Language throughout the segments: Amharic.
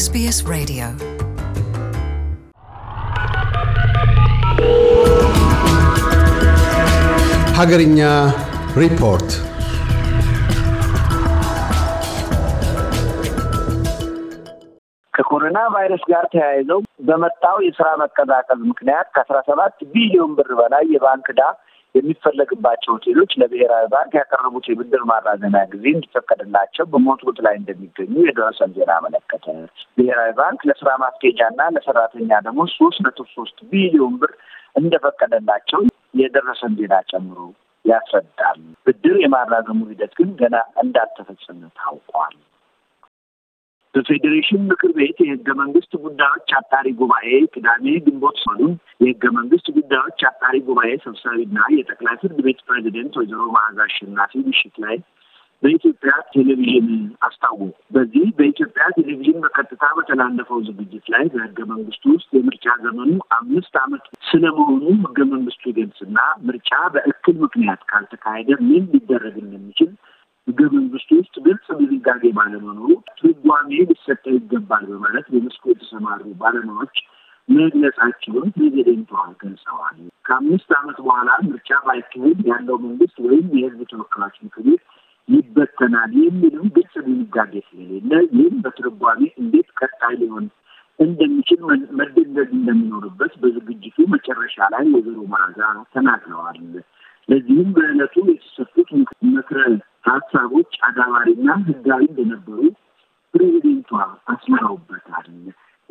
ኤስቢኤስ Radio. ሀገርኛ ሪፖርት ከኮሮና ቫይረስ ጋር ተያይዘው በመጣው የስራ መቀዛቀዝ ምክንያት ከአስራ ሰባት ቢሊዮን ብር በላይ የባንክ ዳ የሚፈለግባቸው ሆቴሎች ለብሔራዊ ባንክ ያቀረቡት የብድር ማራዘሚያ ጊዜ እንዲፈቀድላቸው በሞትጉት ላይ እንደሚገኙ የደረሰን ዜና አመለከተ። ብሔራዊ ባንክ ለስራ ማስኬጃና ለሰራተኛ ደግሞ ሶስት ነጥብ ሶስት ቢሊዮን ብር እንደፈቀደላቸው የደረሰን ዜና ጨምሮ ያስረዳል። ብድር የማራዘሙ ሂደት ግን ገና እንዳልተፈጸመ ታውቋል። በፌዴሬሽን ምክር ቤት የህገ መንግስት ጉዳዮች አጣሪ ጉባኤ ቅዳሜ ግንቦት ሰሉን። የህገ መንግስት ጉዳዮች አጣሪ ጉባኤ ሰብሳቢና የጠቅላይ ፍርድ ቤት ፕሬዚደንት ወይዘሮ መዓዛ አሸናፊ ምሽት ላይ በኢትዮጵያ ቴሌቪዥን አስታወቁ። በዚህ በኢትዮጵያ ቴሌቪዥን በቀጥታ በተላለፈው ዝግጅት ላይ በህገ መንግስቱ ውስጥ የምርጫ ዘመኑ አምስት ዓመት ስለመሆኑ ህገ መንግስቱ ይገልጽና ምርጫ በእክል ምክንያት ካልተካሄደ ምን ሊደረግ እንደሚችል ሕገ መንግስቱ ውስጥ ግልጽ ድንጋጌ ባለመኖሩ ትርጓሜ ሊሰጠው ይገባል በማለት በመስኩ የተሰማሩ ባለሙያዎች መግለጻቸውን ፕሬዚደንቷ ገልጸዋል። ከአምስት ዓመት በኋላ ምርጫ ባይካሄድ ያለው መንግስት ወይም የህዝብ ተወካዮች ምክር ቤት ይበተናል የሚልም ግልጽ ድንጋጌ ስለሌለ ይህም በትርጓሜ እንዴት ቀጣይ ሊሆን እንደሚችል መደንገግ እንደሚኖርበት በዝግጅቱ መጨረሻ ላይ ወይዘሮ መዓዛ ተናግረዋል። ለዚህም በዕለቱ የተሰጡት ምክረ ሀሳቦች አዳባሪና ህጋዊ እንደነበሩ ፕሬዚደንቷ አስምረውበታል።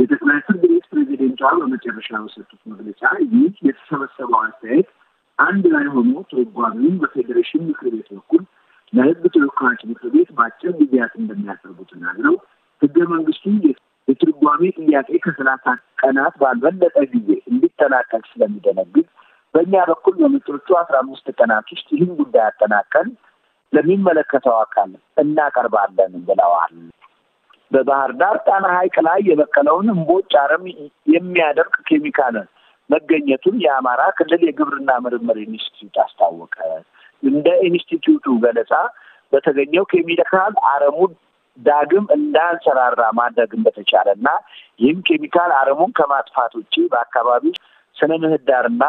የጠቅላይ ፍርድ ቤት ፕሬዚደንቷ በመጨረሻ በሰጡት መግለጫ ይህ የተሰበሰበው አስተያየት አንድ ላይ ሆኖ ትርጓሜውን በፌዴሬሽን ምክር ቤት በኩል ለህዝብ ተወካዮች ምክር ቤት በአጭር ጊዜያት እንደሚያቀርቡ ተናግረው ህገ መንግስቱ የትርጓሜ ጥያቄ ከሰላሳ ቀናት ባልበለጠ ጊዜ እንዲጠናቀቅ ስለሚደነግግ በእኛ በኩል በመጪዎቹ አስራ አምስት ቀናት ውስጥ ይህን ጉዳይ አጠናቀን ለሚመለከተው አካል እናቀርባለን ብለዋል። በባህር ዳር ጣና ሐይቅ ላይ የበቀለውን እምቦጭ አረም የሚያደርቅ ኬሚካል መገኘቱን የአማራ ክልል የግብርና ምርምር ኢንስቲትዩት አስታወቀ። እንደ ኢንስቲትዩቱ ገለጻ በተገኘው ኬሚካል አረሙ ዳግም እንዳንሰራራ ማድረግ እንደተቻለ እና ይህም ኬሚካል አረሙን ከማጥፋት ውጭ በአካባቢው ስነ ምህዳርና